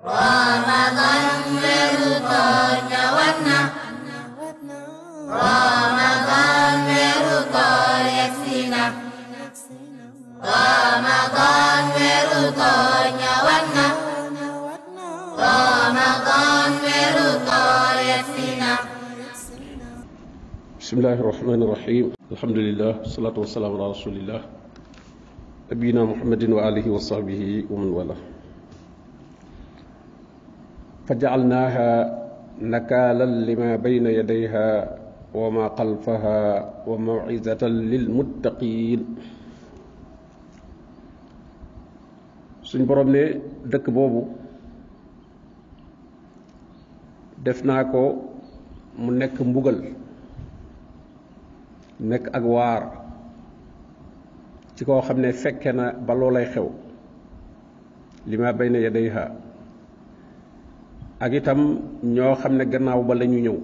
bismillahi rahmaani rahim alhamdulilah wasalaatu wasalaamu ala rasulillah nabiyina muhammadin wa alihi wa sahbihi wa man wala fa jacalnaaha nakaalan lima bayna yadayha wa ma xalfaha wa mawcizatan lilmuttaqiin suñ boroom ne dëkk boobu def naa ko mu nekk mbugal nekk ak waar ci koo xam ne fekke na ba loolay xew lima bayna yadayha ak itam ñoo xam ne gannaaw ba la ñëw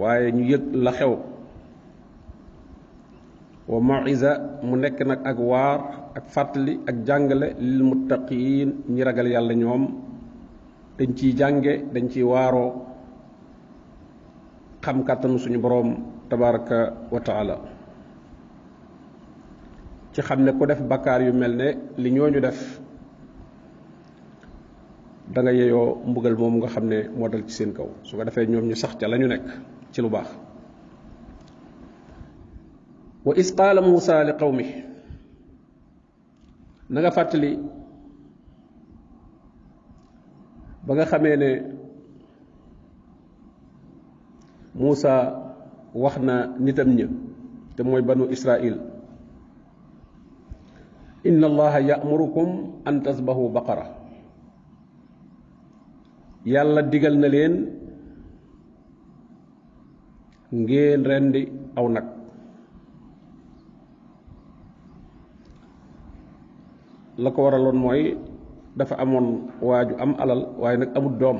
waaye ñu yëg la xew wa mawisa mu nekk nag ak waar ak fàttali ak jàngale lil muttaqiin ñi ragal yàlla ñoom dañ ciy jànge dañ ciy waaroo xam kàttanu suñu boroom tabaraka wa ci xam ne ku def bakkaar yu mel ne li ñu def danga nga yeyoo mbugal moomu nga xam ne moo dal ci seen kaw su ko defee ñoom ñu sax ca la ñu nekk ci lu baax wa is qaala muusa li qawmi na fàttali ba nga xamee ne muusa wax na nitam ña te mooy banu israil inna allaha yamurukum an tasbahu baqara yàlla digal na leen ngeen rendi aw nag la ko waraloon mooy dafa amoon waaju am alal waaye nag amut doom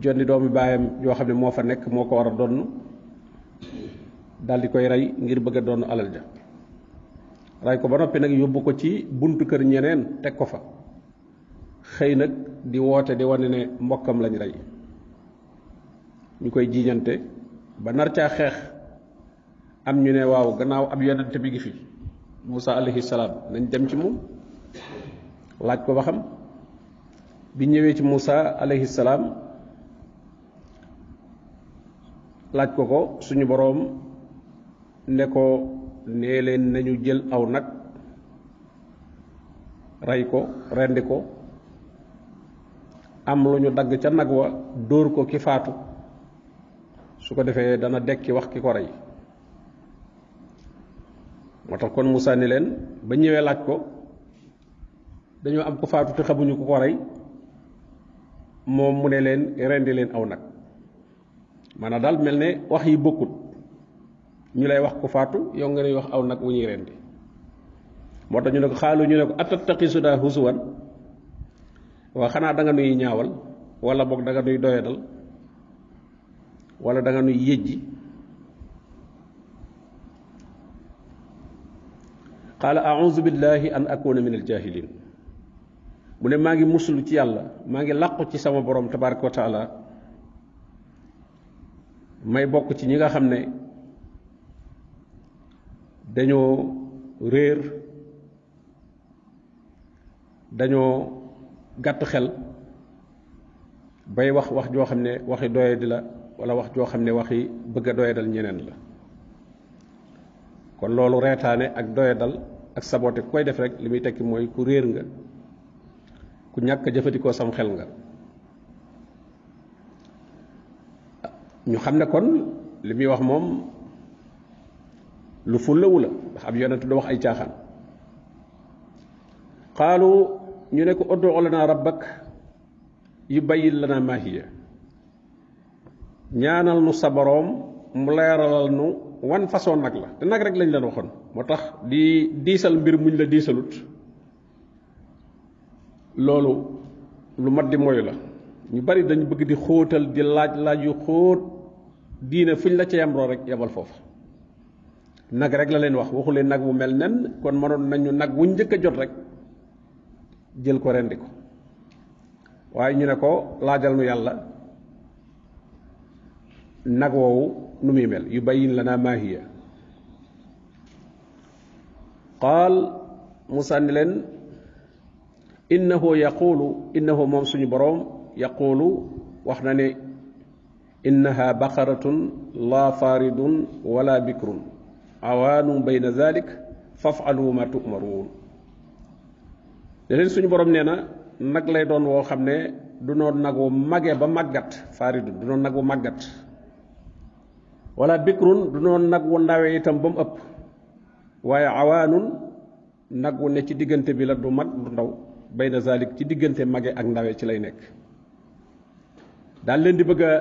jonni doomi baayam yoo xam ne moo fa nekk moo ko war a donn daldi koy rey ngir bëgg donn alal ja rey ko ba noppi nag yóbbu ko ci buntu kër ñeneen teg ko fa xëy nag di woote di wane ne mbokkam lañu rey ñu koy jiiñante ba nar ca xeex am ñu ne waaw gannaaw ab yonent bi ngi fi Moussa alayhi salaam nañ dem ci moom laaj ko ba xam bi ñëwee ci Moussa alayhi salaam laaj ko ko suñu boroom ne ko nee leen nañu jël aw nag rey ko rendi ko am lu ñu dagg ca nag wa dóor ko ki faatu su ko defee dana dekki wax ki ko rey moo kon Moussa ni leen ba ñëwee laaj ko dañoo am ko faatu te ko ko rey moom mu ne leen rendi leen aw nag maanaam daal mel ne wax yi bokkut ñu lay wax ko faatu yow nga ne wax aw nag wu ñuy rendi moo tax ñu ne ko xaalu ñu ne ko atattaxisunaa huzuwan waa xanaa danga nga nuy ñaawal wala boog da nga nuy doyadal wala da nga nuy yëjji qaala auzu billahi an akuna min mu ne maa ngi muslu ci yàlla maa ngi làqu ci sama borom tabaraka wa taala may bokk ci ñi nga xam ne dañoo réer dañoo gàtt xel bay wax wax joo xam ne waxi doyadi la wala wax joo xam ne waxi bëgg a doyadal ñeneen la kon loolu reetaane ak doyadal ak saboté ku koy def rek li muy tekki mooy ku réer nga ku ñàkk a jëfandikoo sam xel nga ñu xam ne kon li muy wax moom lu fullawu la ndax ab yonent du wax ay caaxaan qaalu ñu ne ko ud'u lanaa rabbak yubayyin lanaa maa hiya ñaanal nu sa boroom mu leeralal nu wan façon nag la te nag rek lañ leen waxoon moo tax di diisal mbir muñ la diisalut loolu lu mat di moyu la ñu bari dañu bëgg di xóotal di laaj laaj yu xóot diine fuñ la ca yamroo rek yabal foofu nag rek la leen wax waxu leen nag wu mel nen kon mënoon nañu nag wu njëkk a jot rek jël ko rendi ko waaye ñu ne ko laajal nu yàlla nag woowu nu muy yu bayin lana maa hiya qaal mu sànni leen innahu yaqulu innahu moom suñu boroom yaqulu wax na ne innaha baqaratun laa faaridun wala bikrun awaanu bayna zalik faf'alu ma tu'maruun leneen suñu borom nee na nag lay doon woo xam ne du noon nag wu mage ba màggat faaridu du noon nag wu màggat wala bikrun du noon nag wu ndawe itam ba ëpp waaye awaanun nag wu ne ci diggante bi la du mag du ndaw bay na ci diggante mage ak ndawe ci lay nekk daal leen di bëgg a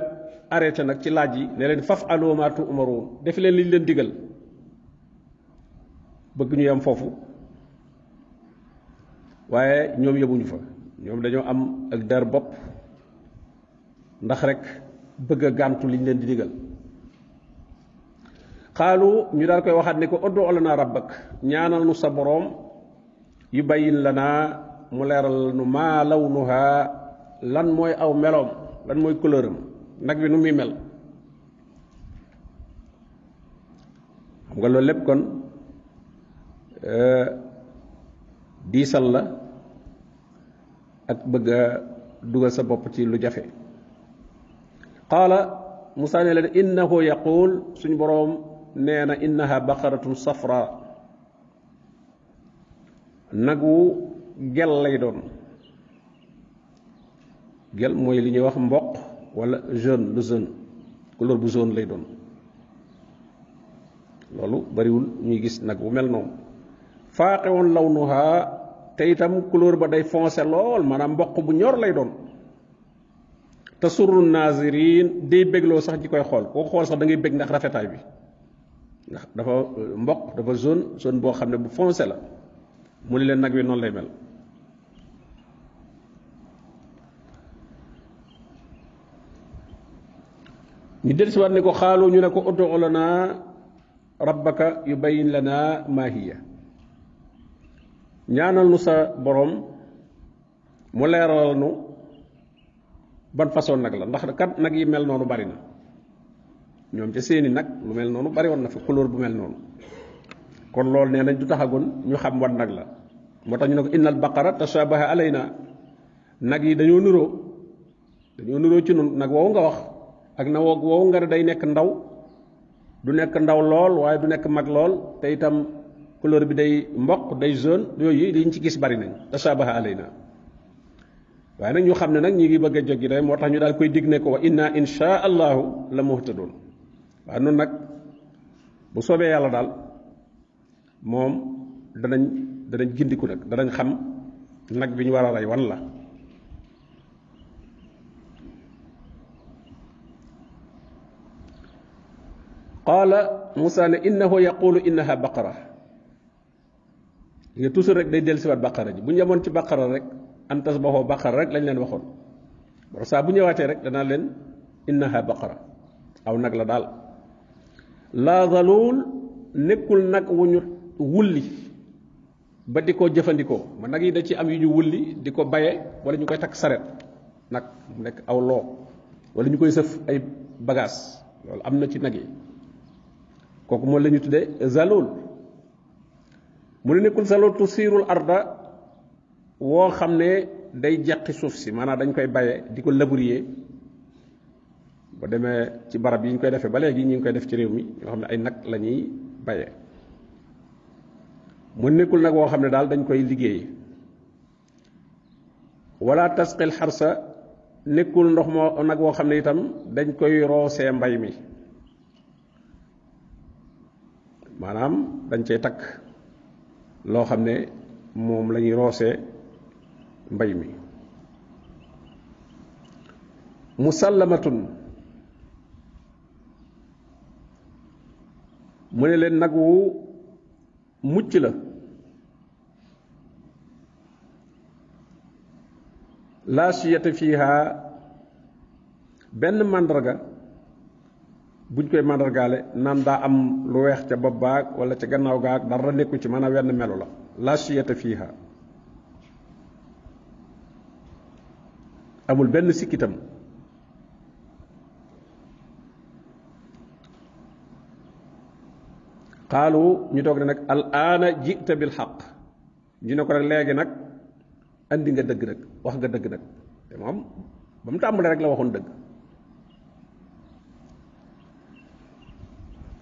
arrêté nag ci laaj yi ne leen faf alu ma tu'maruun def leen liñ leen digal bëgg ñu yem foofu waaye ñoom yemuñu fa ñoom dañoo am ak der bopp ndax rek bëgg a gàntu liñ leen di digal xaalu ñu daal koy waxaat ni ko oddo lana rabbak ñaanal nu sa boroom yu la lana mu leeral nu maa lawnuha lan mooy aw meloom lan mooy couleur nag bi nu muy mel xam nga loolu lépp kon euh, diisal la ak bëgg a dugal sa bopp ci lu jafe qaala Musaa ne leen innahu yaquul suñu boroom nee na innaha baqaratun safra nag wu gel lay doon gel mooy li ñuy wax mboq walla jeune lu jaune couleur bu jaune lay doon loolu bariwul ñuy gis nag wu mel noonu faaqewun lawnuha te itam couleur ba day foncé lool maanaam mboq bu ñor lay doon te surru nazirin day bégloo sax ji koy xool koo xool sax dangay ngay bég ndax rafetaay bi ndax dafa euh, mboq dafa zone zone boo xam ne bu foncé la mu ni leen nag wi noonu lay mel ñu del si waat ne ko xaaloo ñu ne ko ud'u lanaa rabbaka yubayyin lanaa maa hiya ñaanal nu sa borom mu leeral nu ban façon nag la ndax kat nag yi mel noonu bari na ñoom ca seeni nag lu mel noonu bari woon na fi couleur bu mel noonu kon loolu nee nañ du taxagun ñu xam wat nag la moo tax ñu ne ko innal baqara alay na nag yi dañoo niroo dañoo nuroo ci nun nag woowu nga wax ak na woo nga ne day nekk ndaw du nekk ndaw lool waaye du nekk mag lool te itam couleur bi day mboq day jaune yooyu liñ ci gis bari nañ tasaabaha alayna waaye nag ñu xam ne nag ñi ngi bëgg a jóg day moo tax ñu daal koy dig ko wa inna insha la muhtadoon waaye noonu bu soobee yàlla daal moom danañ danañ gindiku nag danañ xam nag bi ñu war a rey wan la qaala Musa ne innahu yaqulu innaha baqara nga toujours rek day siwaat bàqara ji bu ñu ci bàqara rek an tas baxoo bàqara rek lañ leen waxoon bon saa bu ñëwaatee rek danaa leen innaha baqara aw nag la daal la zaluul nekkul nag wu ñu wulli ba di ko jëfandikoo ma nag yi da ci am yu ñu wulli di ko baye wala ñu koy takk saret nag mu nekk aw loo wala ñu koy sëf ay bagaas loolu am na ci nag yi kooku moom la ñu tuddee zalul mu ne nekkul salo tusiirul arda woo xam ne day jeqi suuf si maanaam dañ koy baye di ko labourer ba demee ci barab yi ñu koy defee ba léegi ñu ngi koy def ci réew mi yoo xam ne ay nag la ñuy baye mu nekkul nag woo xam ne daal dañ koy liggéey wala tasqil sa nekkul ndox moo nag woo xam ne itam dañ koy roosee mbay mi maanaam dañ cay takk loo xam ne moom lañuy roose mbay mi musallamatun mu ne leen nag wu mucc la laa siyata fiiha benn màndarga buñ koy màndargaale naan daa am lu weex ca bopp baag wala ca gannaaw gaag dara nekku ci mën a wenn melu la la siyata fiiha amul benn sikkitam xaalu ñu toog ne nag al aana jita xaq ñu ko nag léegi nag andi nga dëgg nag wax nga dëgg nag te moom ba mu tàmbalee rek la waxoon dëgg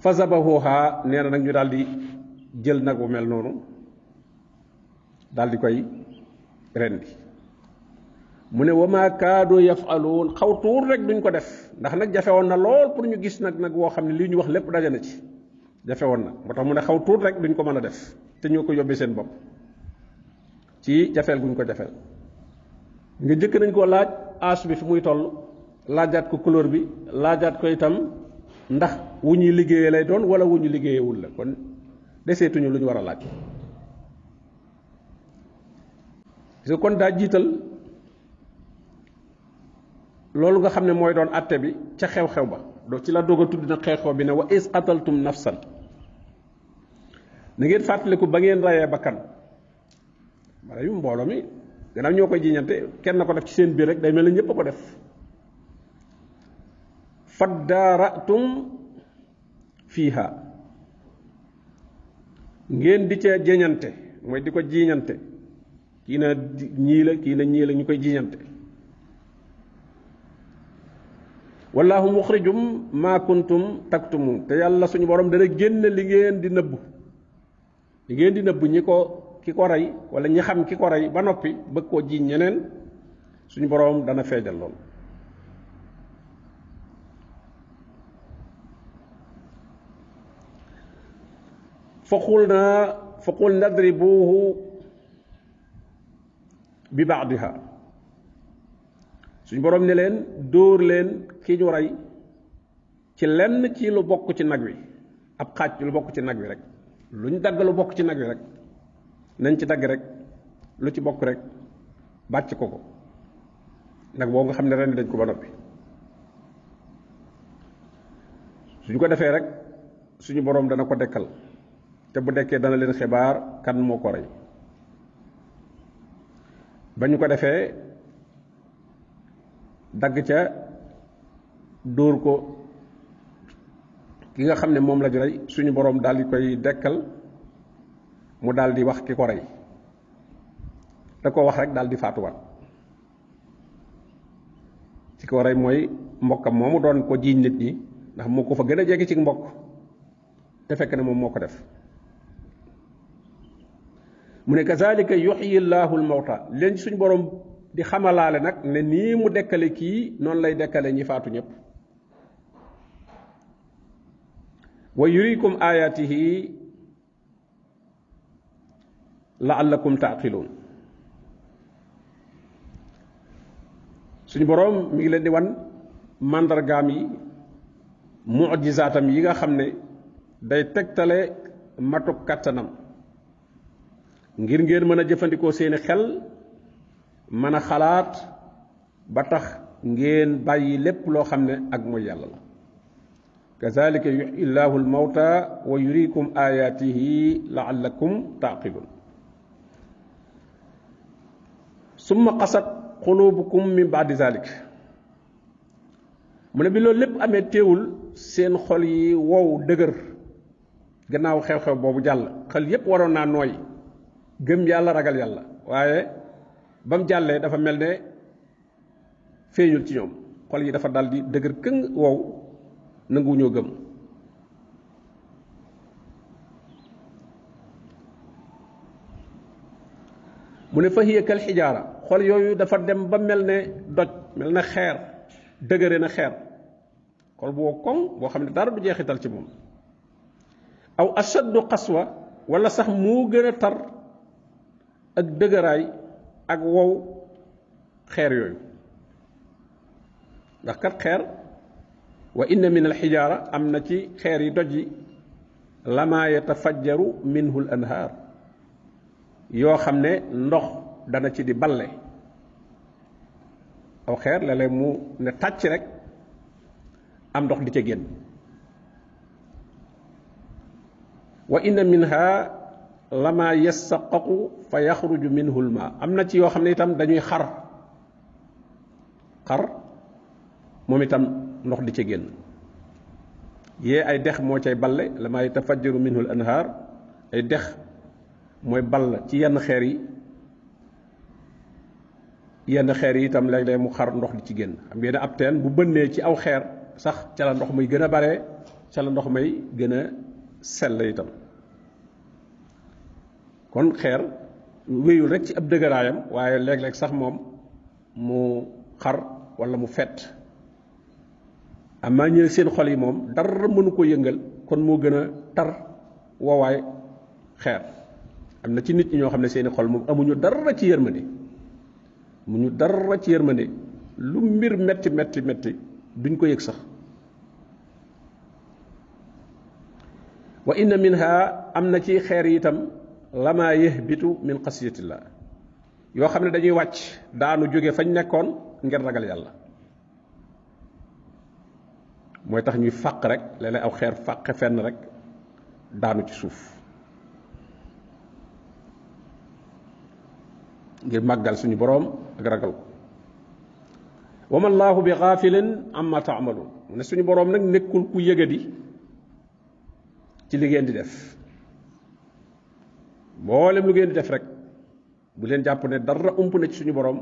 fa zabahuha nee na nag ñu daal di jël nag bu mel noonu daal di koy rendi mu ne wa ma kaadu yafaluun xaw tuur rek duñ ko def ndax nag jafe woon na lool pour ñu gis nag nag woo xam ne lii ñu wax lépp daje na ci jafe woon na moo mu ne xaw tuur rek duñ ko mën a def te ñoo ko yóbbee seen bopp ci jafeel guñ ko jafeel nga jëkk nañ koo laaj aas bi fi muy toll laajaat ko couleur bi laajaat ko itam ndax wu ñuy liggéeyee lay doon wala wu ñu liggéeyewul la kon deseetuñu lu ñu war a laaj parce que kon daa jiital loolu nga xam ne mooy doon atte bi ca xew-xew ba doo ci la doog a tudd na xew-xew bi ne wa is ataltum nafsan na ngeen fàttaliku ba ngeen rayee bakkan mara yu mbooloo mi gannaaw ñoo koy jiñante kenn ko def ci seen biir rek day mel ne ñëpp ko def faddaaratum fiiha ngeen di ca jeñante mooy di ko jiiñante kii na ñiila kii na ñii la koy jiiñante wallahu muxrijum maa kuntum te yàlla suñu borom dana génn li ngeen di nëbbu li ngeen di nëbbu ñi ko ki ko rey wala ñi xam ki ko rey ba noppi bëgg koo jiiñ ñeneen suñu boroom dana feejal lool fa qulna fa qulna adribuuhu bi baadiha suñ boroom ne leen dóor leen ki ñu rey ci lenn ci lu bokk ci nag wi ab xaaj lu bokk ci nag wi rek luñ dagg lu bokk ci nag wi rek nañ ci dagg rek lu ci bokk rek bàcc ko ko nag boobu nga xam ne ren dañ ko ba noppi suñ ko defee rek suñu boroom dana ko dekkal te bu dekkee dana leen xibaar kan moo ko rey ba ñu ko defee dagg ca dóor ko ki nga xam ne moom la lañu rey suñu boroom daal di koy dekkal mu daal di wax ki ko rey da ko wax rek daal di faatuwaat ci ko rey mooy mbokkam moo mu doon ko jiiñ nit ñi ndax moo ko fa gën a jege ci mbokk te fekk ne moom moo ko def mu ne kazalika yuxyi llahu almawta leen ci suñ borom di xamalaale nag ne nii mu dekkale kii noonu lay dekkale ñi faatu ñëpp wa yurikum ayatihi laallakum taaqiluun suñu boroom mi ngi leen di wan màndargaam yi mujisaatam yi nga xam ne day tegtale matuk kàttanam ngir ngeen mën a jëfandikoo seeni xel mën a xalaat ba tax ngeen bàyyi lépp loo xam ne ak mooy yàlla la kazalika yuxyi llahu almawta wa yurikum la laallakum taqilun summa qasat qulubukum min baadi zalik mu ne bi loolu lépp amee téewul seen xol yi wow dëgër gannaaw xew-xew boobu jàll xel yépp waroon naa nooy gëm yàlla ragal yàlla waaye ba jàllee dafa mel ne feeñul ci ñoom xool yi dafa dal di dëgër këng wow nanguwu ñoo gëm mu ne fa hiya xijaara xol yooyu dafa dem ba mel ne doj mel na xeer dëgëre na xeer xool bu wow koŋ boo xam ne dara du jeexital ci moom aw ashaddu qaswa wala sax moo gën a tar ak dëgëraay ak wow xeer yooyu ndax kat xeer wa inna min alxijaara am na ci xeer yi doj yi lama yatafajjaru minhu l yoo xam ne ndox dana ci di balle aw xeer léeg mu ne tàcc rekk am ndox di ca génn wa inna minha lama yasaqaqu fa yaxruju minhu lma am na ci yoo xam ne itam dañuy xar xar moom itam ndox di ci génn yee ay dex moo cay balle lama yatafajjaru minhu l anhaar ay dex mooy ball ci yenn xeer yi yenn xeer yi itam léeg-léeg mu xar ndox di ci génn am ngeen ab teen bu bënnee ci aw xeer sax ca la ndox muy gën a bare ca la ndox may gën a sell itam kon xeer wéyul rek ci ab dëgëraayam waaye léeg-léeg sax moom mu xar wala mu fett am maa ñëw seen xol yi moom dara mënu ko yëngal kon moo gën a tar wowaay xeer am na ci nit ñi ñoo xam ne seeni xol moom amuñu dara ci yërmande amuñu dara ci yërmande lu mbir metti metti metti duñ ko yëg sax wa inna minha am na ci xeer yi itam lama yahbitu min xasiyatillah yoo xam ne dañuy wàcc daanu jóge fañ nekkoon ngir ragal yàlla mooy tax ñuy fàq rek léeg-léeg aw xeer fàq fenn rek daanu ci suuf ngir màggal suñu boroom ak ragal ko wa ma llaahu bi gaafilin amma taamaluun mu ne suñu boroom nag nekkul ku yëgadi ci liggéen di def boo mboolem lu ngeen di def rek bu leen jàpp ne dara ump na ci suñu borom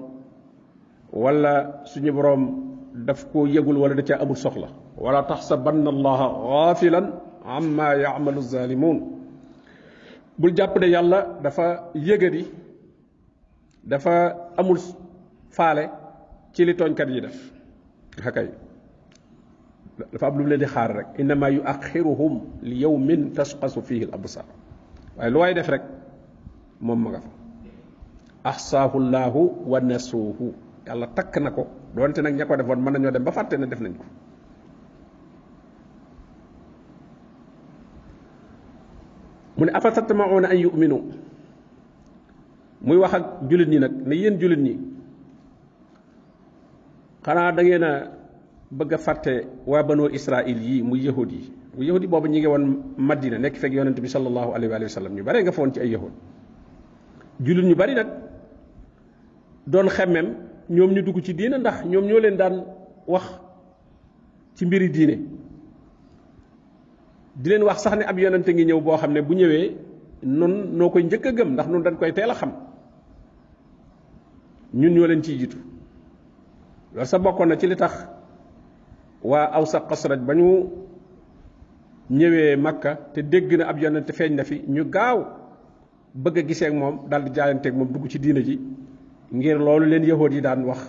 walla suñu boroom daf ko yëgul wala da caa amul soxla wala taxsabanna allaha gaafilan amma yaamalu zaalimuun bul jàpp ne yàlla dafa yëgadi dafa amul faale ci li tooñkat yi def xakay dafa am lu mu leen di xaar rek innama yuaxiruhum li yow yawmin tashqasu fihi al absar waaye lu waay def rek moom ma nga fa ahsaahu llaahu wa nasuuhu yàlla takk na ko doonte nag ña ko defoon mën nañoo dem ba fàtte ne def nañ ko mu ne afa tatma'una an yu'minu muy wax ak jullit ñi nag ni yéen jullit ñi xanaa da ngeen a a fàtte waa banoo israil yii muy yahud yi mu yahud yi boobu ñi ngi woon madina nekk fekk yonent bi sallallahu alayhi wa sallam ñu bare nga foon ci ay yahud jullit ñu bari nag doon xemmem ñoom ñu dugg ci diine ndax ñoom ñoo leen daan wax ci mbiri diine di leen wax sax ni ab yonente ngi ñëw boo xam ne bu ñëwee nun noo koy njëkk a gëm ndax noon dañ koy teel a xam ñun ñoo leen ci jiitu loolu sa bokkoon na ci li tax waa awsa xasraj ba ñu ñëwee makka te dégg na ab yonente feeñ na fi ñu gaaw bëgg a giseek moom daal di jaayanteeg moom dugg ci diina ji ngir loolu leen yahood yi daan wax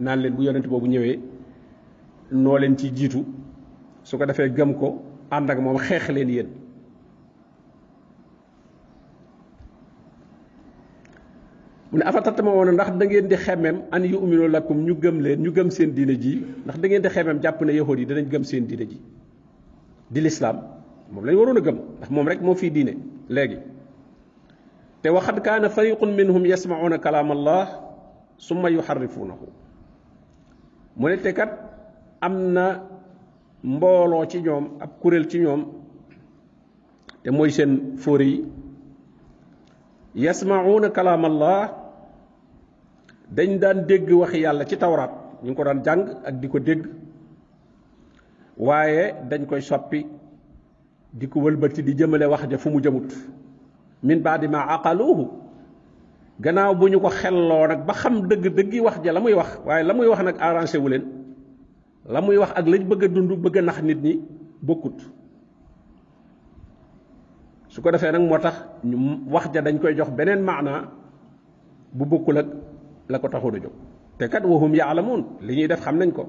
naan leen bu yonent boobu ñëwee noo leen ci jiitu su ko defee gëm ko ànd ak moom xeex leen yéen mu ne afatatama woon ndax da ngeen di xemem an yu la lakum ñu gëm leen ñu gëm seen diina ji ndax da ngeen di xemem jàpp ne yahood yi danañ gëm seen diina ji di lislaam moom lañ waroon a gëm ndax moom rek moo fii diine léegi te waxat kaana fariqun minhum yasmauna kalaam allah summa yuxarrifuunahu mu ne te kat am na mbooloo ci ñoom ab kuréel ci ñoom te mooy seen fóori yi yasmauna kalaam allah dañ daan dégg waxi yàlla ci tawraat ñu ngi ko daan jàng ak di ko dégg waaye dañ koy soppi di ko wëlbati di jëmale wax ja fu mu jëmut min baadi ma aqaluuhu gannaaw bu ñu ko xelloo nag ba xam dëgg-dëggi wax ja la muy wax waaye la muy wax nag arrangé wu leen la muy wax ak lañ bëgg a dund bëgg nax nit ñi bokkut su ko defee nag moo tax ñu wax ja dañ koy jox beneen maanaa bu bokkul ak la ko taxoon a jóg te kat wahum yaalamuun li ñuy def xam nañ ko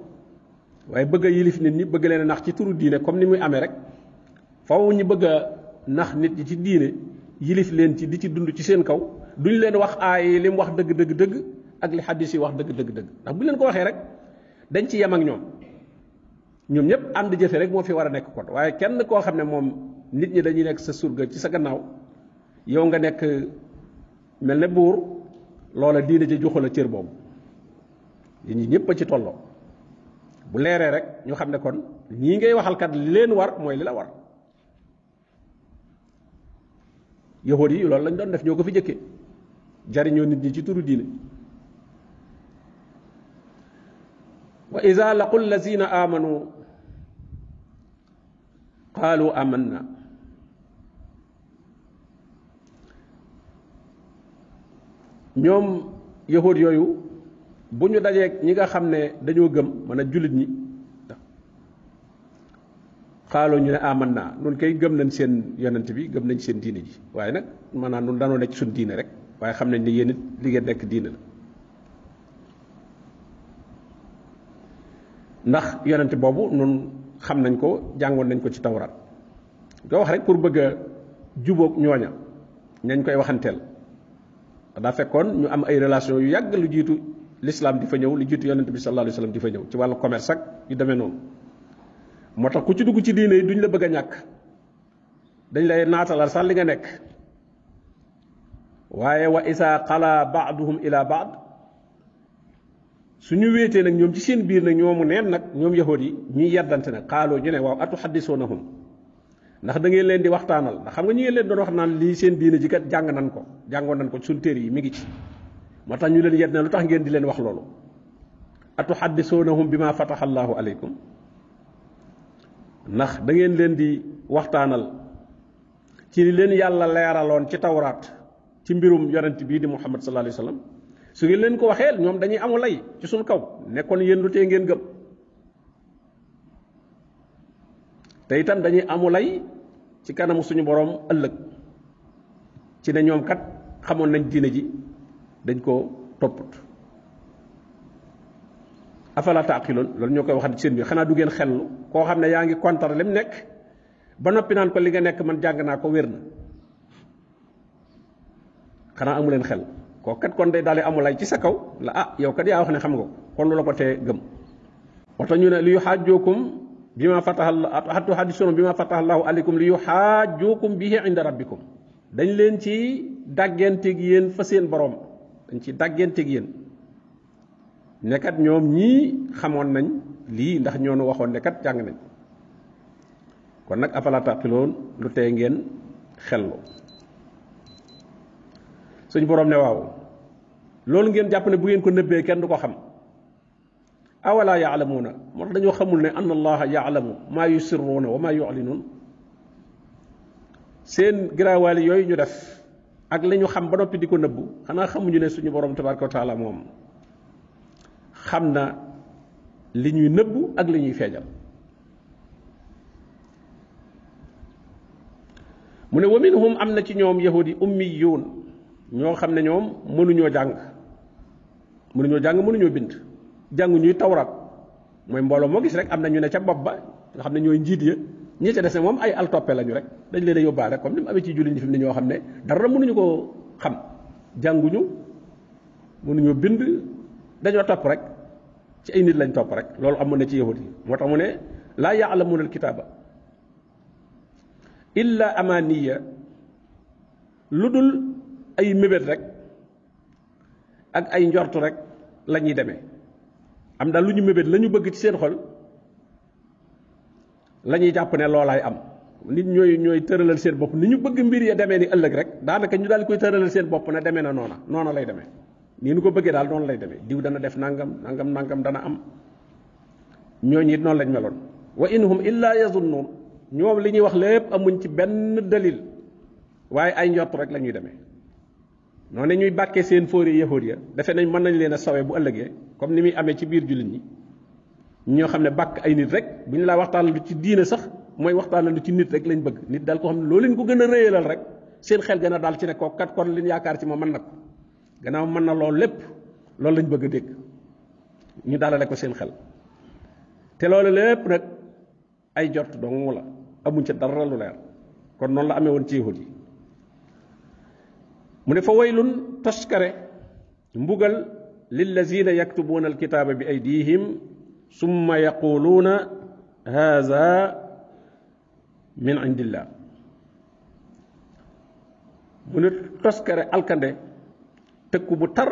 waaye bëgg a yilif nit ñi bëgg leen a nax ci turu diine comme ni muy amee rek faw ñu bëgg a nax nit ñi ci diine yilif leen ci di ci dund ci seen kaw duñ leen wax aay yi li wax dëgg dëgg dëgg ak li xaddis yi wax dëgg dëgg dëgg ndax buñ leen ko waxee rek dañ ci yem ak ñoom ñoom ñëpp ànd jëfe rek moo fi war a nekk kon waaye kenn koo xam ne moom nit ñi dañuy nekk sa surga ci sa gannaaw yow nga nekk mel ne buur loola diine ja joxu la cër boobu ñi ñëpp a ci tolloo bu leeree rek ñu xam ne kon ñii ngay waxal kat leen war mooy li la war. yahud yi loolu lañ doon def ñoo ko fi jëkkee jariñoo nit ñi ci turu diine wa ida laqu allazina amanu qaalu amanna ñoom yahud yooyu bu ñu dajeeg ñi nga xam ne dañoo gëm mën a jullit ñi xaaloo ñu ne aman ah, naa nun kay gëm nañ seen yonent bi gëm nañ seen diine ji waaye nag maanaam nun danoo nekk suñ diine rek waaye xam nañ ne yéen it li ngeen nekk diine la ndax yonent boobu nun xam nañ ko jàngoon nañ ko ci tawraat nga wax rek pour bëgg jubook jubóog ñooña ñañ koy waxanteel daa fekkoon ñu am ay relation yu yàgg lu jiitu l'islam di fa ñëw lu jiitu yonent bi sallallahu alayhi wa sallam di fa ñëw ci wàllu commerce ak yu demee noonu moo tax ku ci dugg ci diine yi duñ la bëgg a ñàkk dañ lay naatalal sax li nga nekk waaye wa isa xala baaduhum baat su ñu wéetee nag ñoom ci seen biir nag ñoomu neen nag ñoom yahood yi ñuy yeddante nag xaaloo ñu ne waaw atu xaddisoonahum ndax da ngeen leen di waxtaanal ndax xam nga ñu ngeen leen doon wax naan lii seen diine ji jàng nan ko jàngoon nan ko suñ téere yi mi ngi ci moo tax ñu leen yedd ne lu tax ngeen di leen wax loolu atu xaddisoonahum bi ma fataxallaahu aleykum ndax dangeen leen di waxtaanal ci li leen yàlla leeraloon ci tawraat ci mbirum yonent bii di muhammad sallallahu alayhi wa sallam su ngeen leen ko waxee ñoom dañuy amu lay ci suñ kaw nekkoon yenn lu tee ngeen gëm te itam dañuy amu lay ci kanamu suñu boroom ëllëg ci ne ñoom kat xamoon nañ diine ji dañ ko topput afala taaqiloon loolu ñoo koy waxat ci seen bi xanaa du ngeen xellu koo xam ne yaa ngi kontar li mu nekk ba noppi naan ko li nga nekk man jàng naa ko wér na xanaa amu leen xel koo kat kon day daal di amulay ci sa kaw la a ah, yow kat yaa wax ne xam nga ko kon lu la ko tee gëm waxta ñu ne li xaajookum bi ma fataxal xattu xaddisuna bi ma fataxallahu aleykum li yu xaajookum bihi inda rabbikum dañ leen ci dàgganteeg yéen fa seen borom dañ ci dàgganteeg yéen nekkat ñoom ñii xamoon nañ lii ndax ñoo nu waxoon ne jàng nañ kon nag afala taqiloon lu tee ngeen xel xellu suñ boroom ne waaw loolu ngeen jàpp ne bu ngeen ko nëbbee kenn du ko xam awala yaalamuuna moo tax dañoo xamul ne anna allaha yaalamu maa yusirruuna wa maa yulinuun seen giraawaali yooyu ñu def ak li ñu xam ba noppi di ko nëbbu xanaa xamuñu ne suñu borom tabaraka wa moom xam na li ñuy nëbbu ak li ñuy feeñal mu ne wa am na ci ñoom ummi ummiyuun ñoo xam ne ñoom mënuñoo jàng mënuñoo jàng mënuñoo bind jàngu ñuy tawraat mooy mbooloo moo gis rek am na ñu ne ca bopp ba nga xam ne ñooy njiit ya ñi ca des ne moom ay altoppe lañu rek dañ leen a yóbbaale rek comme ni mu amee ci jullit ñi fi ne ñoo xam ne dara mënuñu koo xam jànguñu mënuñoo bind dañoo topp rek ci ay nit lañ topp rek loolu amoon na ci yahut yi moo tax mu ne laa yaalamuuna alkitaaba illa amaniya lu dul ay mébét rek ak ay njortu rek la ñuy demee am daal lu ñu mébét la bëgg ci seen xol la ñuy jàpp ne loolaay am nit ñooy ñooy tëralal seen bopp ni ñu bëgg mbir ya demee ni ëllëg rek daanaka ñu daal koy tëralal seen bopp na demee na noona noona lay demee nii nu ko bëggee daal noonu lay demee diw dana def nangam nangam nangam dana am ñooñu it noonu lañ meloon wa inhum illa yazunnuun ñoom li ñuy wax lépp amuñ ci benn dalil waaye ay njott rek la ñuy demee noonu ñuy bàkkee seen fóori yahuud ya defe nañ mën nañ leen a sawe bu ëllëgee comme ni muy amee ci biir jullit ñi ñoo xam ne bàkk ay nit rek bu ñu laa waxtaan lu ci diine sax mooy waxtaan lu ci nit rek lañ bëgg nit daal ko xam ne loo leen ko gën a xel gën daal ci ne kooku kat kon liñ yaakaar ci moom mën na ko gannaaw mën na loolu lépp loolu lañ bëgg a dégg ñu dalale ko seen xel te loolu lépp nag ay jot dong la amuñ ca dara lu leer kon noonu la amee woon ci yahud yi mu ne fa waylun toskare mbugal lillazina yaktubuuna alkitaaba bi aydihim summa yaquluuna haza min indillah mu ne toskare alkande tëkku bu tar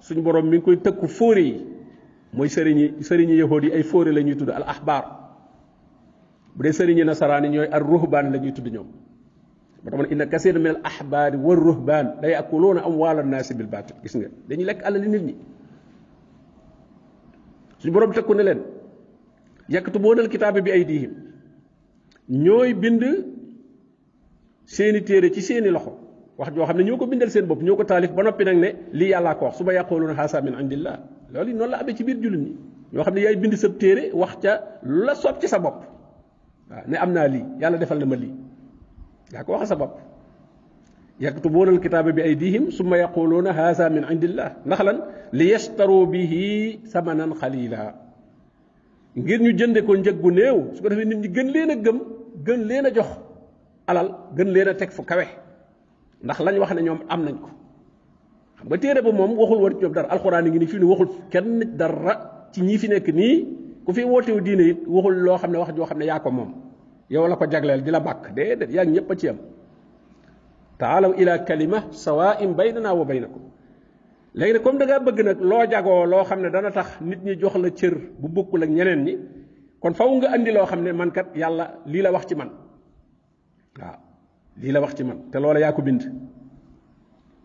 suñ borom mi ngi koy tëkku fóore yi mooy sëriñi sëriñi yahood yi ay fóore la ñuy tudd al ahbaar bu dee sëriñi nasaraan yi ñooy ar ruhbaan la ñuy tudd ñoom ba tax inna kasiir min al ahbaari war ruhbaan day akuluuna amwaala naasi bil baatil gis nga dañuy lekk alal nit ñi suñu borom tëkku ne leen yaktubuunal kitaaba bi ay diihim ñooy bind seeni téere ci seeni loxo wax joo xam ne ñoo ko bindal seen bopp ñoo ko taalif ba noppi nag ne lii yàllaa ko wax suba yàqooloon xaasa min indillah loolu yi noonu la amee ci ñoo xam ne yaay bind sab wax ca lu la soob ci sa bopp waaw ne am naa lii yàlla defal na ma lii yaa ko wax sa bopp yaktubuuna alkitaaba bi aydihim summa yaquluuna haasa min indillah ndax lan li bi yashtaru bihi samanan xalila ngir ñu jënde ko njëg gu néew su ko defee nit ñi gën leen a gëm gën leen a jox alal gën leen a teg fu kawe ndax lañ wax ne ñoom am nañ ko xam nga téere ba moom waxul woon ñoom dara alxuraan yi ngi ni fii ni waxul kenn dara ci ñii fi nekk nii ku fi wootewu diine it waxul loo xam ne wax joo xam ne yaa ko moom yow la ko jagleel di la bàkk déedéet yaa ngi ñëpp a ci am taalaw ila kalima sawaa'in baynanaa wa baynakum léegi nag comme da bëgg nag loo jagoo loo xam ne dana tax nit ñi jox la cër bu bokkul ak ñeneen ñi kon faw nga indi loo xam ne man yàlla lii la wax ci man waaw lii la wax ci man te loola yaa ko bind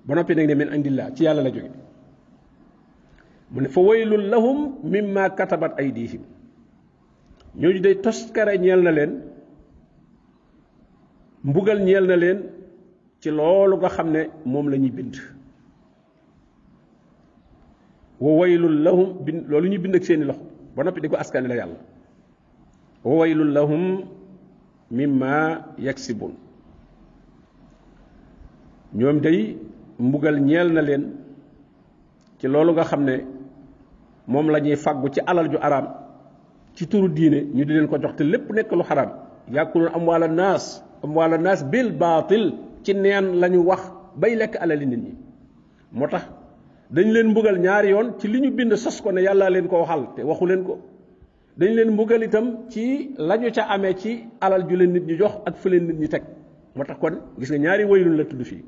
ba noppi nag ne min indillah ci yàlla la jóge mu ne fa waylun lahum mimma katabat aydihim ñooñu day toskare ñeel na leen mbugal ñeel na leen ci loolu nga xam ne moom lañuy bind wa waylun lahum bind loolu ñuy bind ak seeni loxo ba noppi di ko askane la yàlla wa waylun lahum mimma yaksibun ñoom day mbugal ñeel na leen ci loolu nga xam ne moom lañuy ñuy fàggu ci alal ju araam ci turu diine ñu di leen ko jox te lépp nekk lu xaraam yàkkuloon am waala naas am waala naas bil baatil ci neen la ñu wax bay lekk alali nit ñi moo tax dañ leen mbugal ñaari yoon ci li ñu bind sos ko ne yàlla leen ko waxal te waxu leen ko dañ leen mbugal itam ci lañu ca amee ci alal ju leen nit ñi jox ak fu leen nit ñi teg moo tax kon gis nga ñaari waylun la tudd fii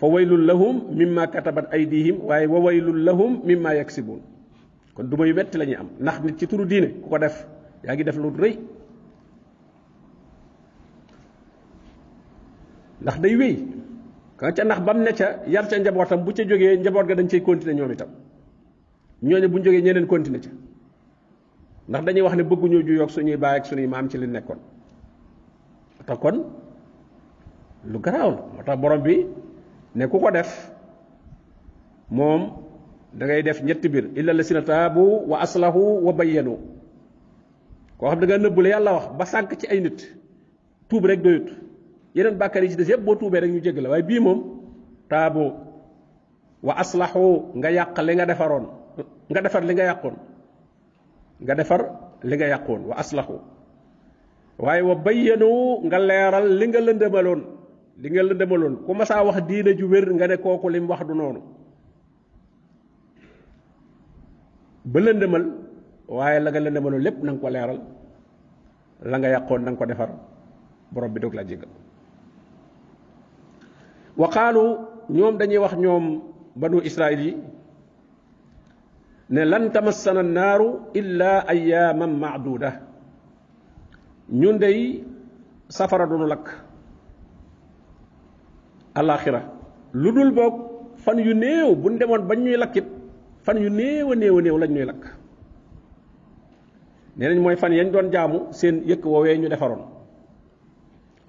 fa waylul lahum mimma katabat aydihim waaye wa waylul lahum mimma yaksibun kon duma yu metti lañuy am ndax nit ci turu diine ku ko def yaa ngi def lu rëy ndax day wéy ka ca nax bam ne ca yar ca njabootam bu ca jógee njaboot ga dañ cay continuer ñoom itam ñooñu bu ñu jógee ñeneen continuer ca ndax dañuy wax ne bëgguñoo ju yoog suñuy baay ak suñuy maam ci li nekkoon te kon lu garaaw la moo tax borom bi ne ku ko def moom dangay def ñetti biir illa lasina taabu wa aslahu wa bayyanu koo xam da nëbbu la yàlla wax ba sànq ci ay nit tuub rek doyut yeneen bàkkaar ci des yëpp boo tuubee rek ñu jégg la waaye bii moom taabu wa aslahu nga yàq li nga defaroon nga defar li nga yàqoon nga defar li nga yàqoon wa aslahu waaye wa bayyanu nga leeral li nga lëndëmaloon li nga la demaloon ku masaa wax diine ju wér nga ne kooku lim wax du noonu ba la waaye la nga la lépp na nga ko leeral la nga yàqoon na ko defar borom bi dog la jéggal waqaalu ñoom dañuy wax ñoom banu israil yi ne lan tamassana naaru illa ayyaaman ñu ñun safara duñu lakk àllaaxira lu dul boog fan yu néew bu ñu demoon bañ ñuy lakkit fan yu néew a néew a néew lañ ñuy lakk nee nañ mooy fan yañ doon jaamu seen yëkk woowee ñu defaroon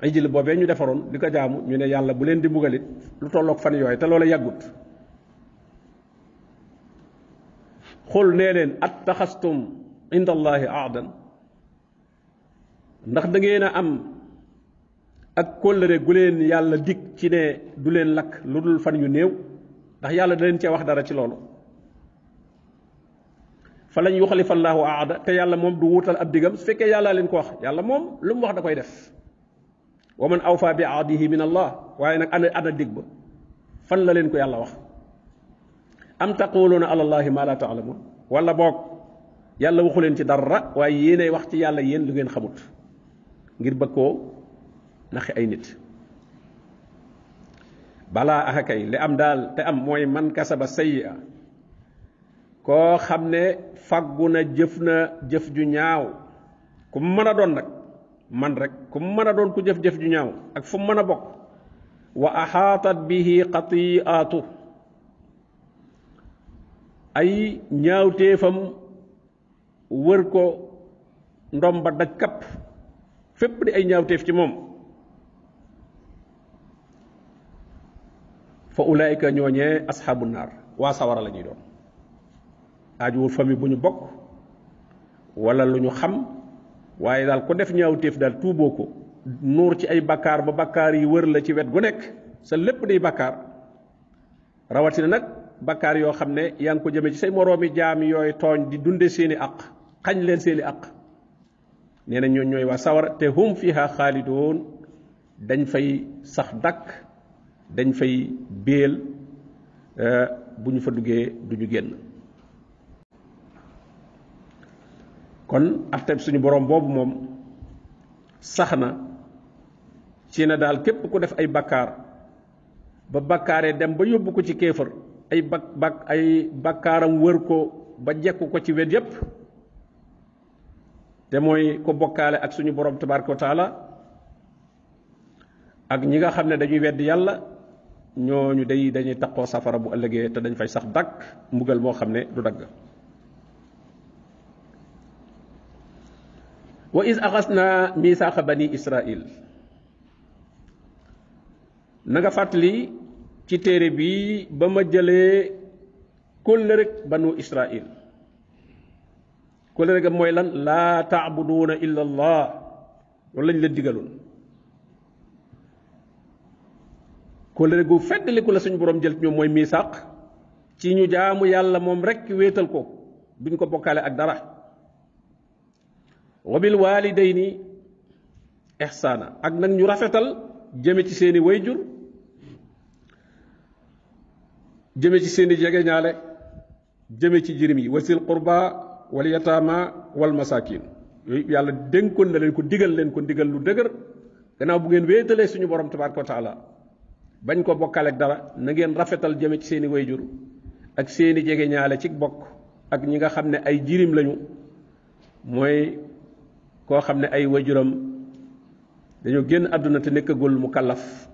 ay jël boobee ñu defaroon di ko jaamu ñu ne yàlla bu leen di mbugalit lu tolloog fan yooyu te loola yàggut xul nee leen attaxastum inda allahi aadan ndax da a am ak kóllëre gu leen yàlla dig ci ne du leen lakk lu dul fan yu néew ndax yàlla da leen cee wax dara ci loolu fa lañ yuxalifa allaahu aada te yàlla moom du wuutal ab diggam su fekkee yàllaa leen ko wax yàlla moom lu mu wax da koy def wa man awfa bi aadihi min allah waaye nag ana ana dig ba fan la leen ko yàlla wax am taquluuna ala allahi ma la taalamuun wala boog yàlla waxu leen ci dara waaye yéenay wax ci yàlla yéen lu ngeen xamut ngir bëgg naxe ay nit balaa axa kay li am daal te am mooy man kasaba sayyi'a koo xam ne faggu na jëf na jëf ju ñaaw ku mën a doon nag man rekk ku mën a doon ku jëf-jëf ju ñaaw ak fu mën a bokk wa axaatat yi xati'atu ay ñaawteefam wër ko ndom ba daj kapp fépp di ay ñaawteef ci moom fa ulaayika ñooñee asxaabu naar waa sawara la ñuy doon aajuwul famille bu ñu bokk wala lu ñu xam waaye daal ko def ñaawteef daal tuuboo ko nuur ci ay bakkaar ba bakkaar yi wër la ci wet gu nekk sa lépp day bakkaar rawatina nag bakkaar yoo xam ne yaa ngi ko jëmee ci say moroomi jaam yooyu tooñ di dunde seeni aq xañ leen seeni aq nee na ñooñ ñooy waa sawara te hum fiha xaalidoon dañ fay sax dàkk dañ fay béel euh, bu ñu fa duggee du ñu génn kon atteb suñu borom boobu moom sax na ci ne daal képp ku def ay bakkaar ba bakkaaree dem ba yóbbu ko ci kéefër ay bak bak ay bakkaaram wër ko ba jekk ko ci wet yépp te mooy ko bokkaale ak suñu borom tabaraka wa taala ak ñi nga xam ne dañuy wedd yàlla ñooñu day dañuy taqoo safara bu ëllëgee te dañ fay sax dàkk mbugal moo xam ne du dagg wa is axas naa misaaxa bani israil na nga fàttali ci téere bi ba ma jëlee kóllëreg banu israil kóllëreg mooy lan laa taabuduuna illa allah loolu lañ leen digaloon kóllëre gu feddaliku la suñu borom jël ñoom mooy miisaaq ci ñu jaamu yàlla moom rekk wéetal ko duñ ko bokkaale ak dara wa bil ni ihsaana ak nag ñu rafetal jëme ci seeni wayjur jëme ci seeni jegeñaale jëme ci jirim yi wasil qurba wal yataama wal masaakin yooyu yàlla dénkoon na leen ko digal leen ko ndigal lu dëgër gannaaw bu ngeen wéetalee suñu borom tabaaraka wa taala bañ ko bokkale dara nangeen rafetal jëme ci seeni wayjur ak seeni jege ñaale ci bokk ak ñi nga xam ne ay jirim lañu mooy koo xam ne ay wayjuram dañoo génn àdduna te nekkagul mu kàllaf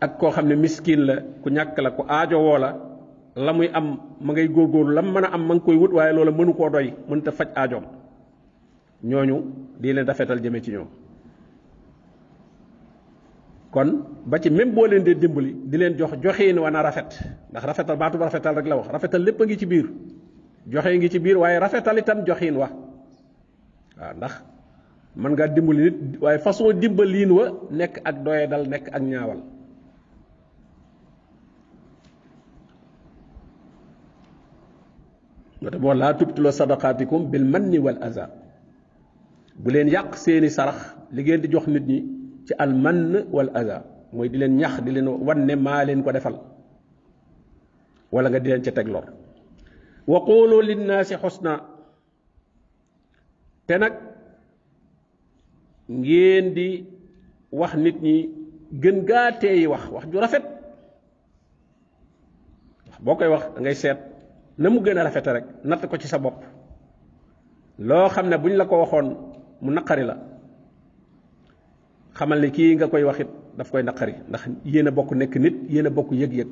ak koo xam ne miskin la ku ñàkk la ku aajo woo la la muy am ma ngay góorgóorlu la mën a am ma ngi koy wut waaye loola mënu koo doy mënta faj aajoom ñooñu di leen rafetal jëme ci ñoom kon ba ci même boo leen dee dimbali di leen jox joxeen wan a rafet ndax rafetal baatu ba rafetal rek la wax rafetal lépp a ngi ci biir joxe ngi ci biir waaye rafetal itam joxin wa waaw ndax mën ngaa dimbali nit waaye façon dimbaliin wa nekk ak doye dal nekk ak ñaawal wate boo laa tubtilo sadaqaatikum bil manni wal aza bu leen yàq seeni sarax li di jox nit ñi ci almann wal aza mooy di leen ñax di leen wan ne maa leen ko defal wala nga di leen ca teg lor wa qulu linnaasi na te nag ngeen di wax nit ñi gën gaa teeyi wax wax ju rafet boo koy wax ngay seet na mu gën a rafete rek natt ko ci sa bopp loo xam ne buñ la ko waxoon mu naqari la xamal ne kii nga koy waxit daf koy naqari ndax yéen a bokk nekk nit yéen a bokk yëg-yëg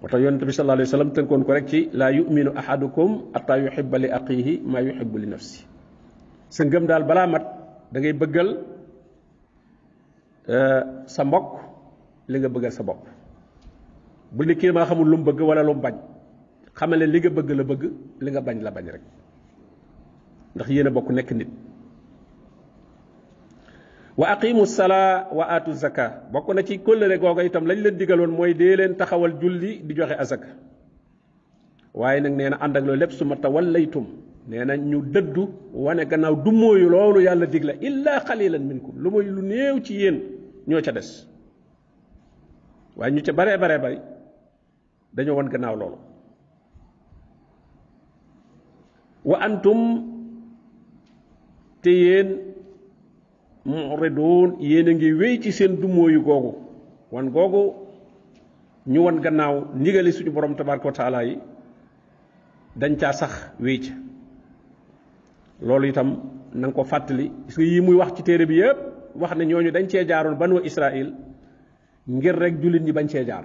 moo tax yonent bi sallallahu alayhi wa sallam tënkoon ko rek ci laa yuminu ahadukum ataa yuhibba maa yuhibbu li nafsi sa ngëm daal balaa mat dangay ngay bëggal euh, sa mbokk li nga bëggal sa bopp bu ne kii maa xamul lu mu bëgg wala lu mu bañ xamale li nga bëgg la bëgg li nga bañ la bañ rek ndax yéen bokk nekk nit wa aqimu salaa wa aatu zaka bokk na ci kóllëre googa itam lañ leen digaloon mooy dee leen taxawal julli di joxe azaka waaye nag nee na ànd ak loolu lépp su ma tawallaytum nee na ñu dëddu wane gannaaw du mooyu loolu yàlla digle illa xalilan minkum lu mooy lu néew ci yéen ñoo ca des waaye ñu ca baree baree bari dañoo wan gannaaw loolu wa antum te yéen muridun yéen a ngi wéy ci seen dumóoyu googu wan googu ñu won gannaaw ndigale suñu borom tabaraka wa yi dañ caa sax wéy ca loolu itam na nga ko fàttali parce que muy wax ci téere bi yëpp wax ne ñooñu dañ cee jaaroon banu Israil ngir rek jullit ñi bañ cee jaar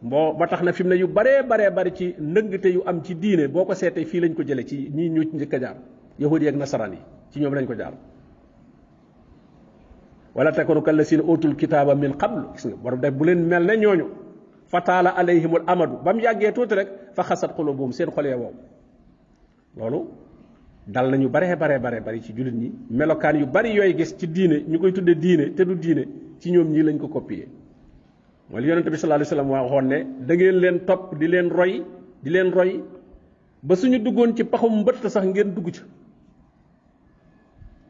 boo ba tax na fi mu ne yu baree baree bari ci ndëngte yu am ci diine boo ko seetee fii lañ ko jëlee ci ñii ñu njëkk a jaar yahudi ak nasaraan yi ci ñoom lañ ko jaar wala takunu kallasina utul kitaaba min qablu gis nga borom def bu leen mel ne ñooñu fataala alayhimul amadu ba mu yàggee tuuti rek fa xasat xulubuhum seen xol ya wow loolu dal nañu baree baree baree bari ci jullit ñi melokaan yu bari yooyu gis ci diine ñu koy tuddee diine te du diine ci ñoom ñii lañ ko copier mooy li yonente bi sallallahu alayhi wasallam ne da ngeen leen topp di leen roy di leen roy ba suñu duggoon ci paxum mbëtt sax ngeen dugg ca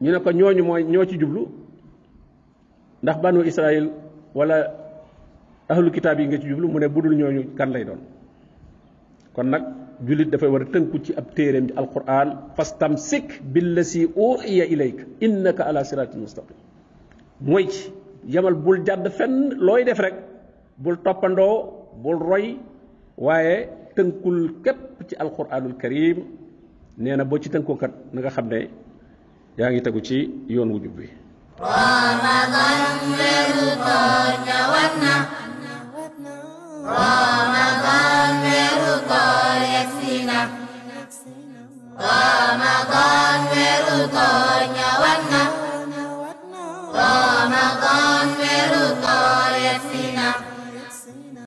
ñu ne ko ñooñu mooy ñoo ci jublu ndax banu israil wala ahlu kitaab yi nga ci jublu mu ne budul ñooñu kan lay doon kon nag jullit dafay war a tënku ci ab téeréem ci alquran fastamsik billasi uuxiya ilayka innaka ala siratin mustaqim mooy ci yamal bul jàdd fenn looy def rek bul toppandoo bul roy waaye tënkul képp ci alquranul karim nee na boo ci tënkookat na nga xam ne yaa ngi tegu ci yoon wu jub bi Ramadan weeru koor ñëwaat na Ramadan weeru koor yegsi na Ramadan weeru koor ñëwaat na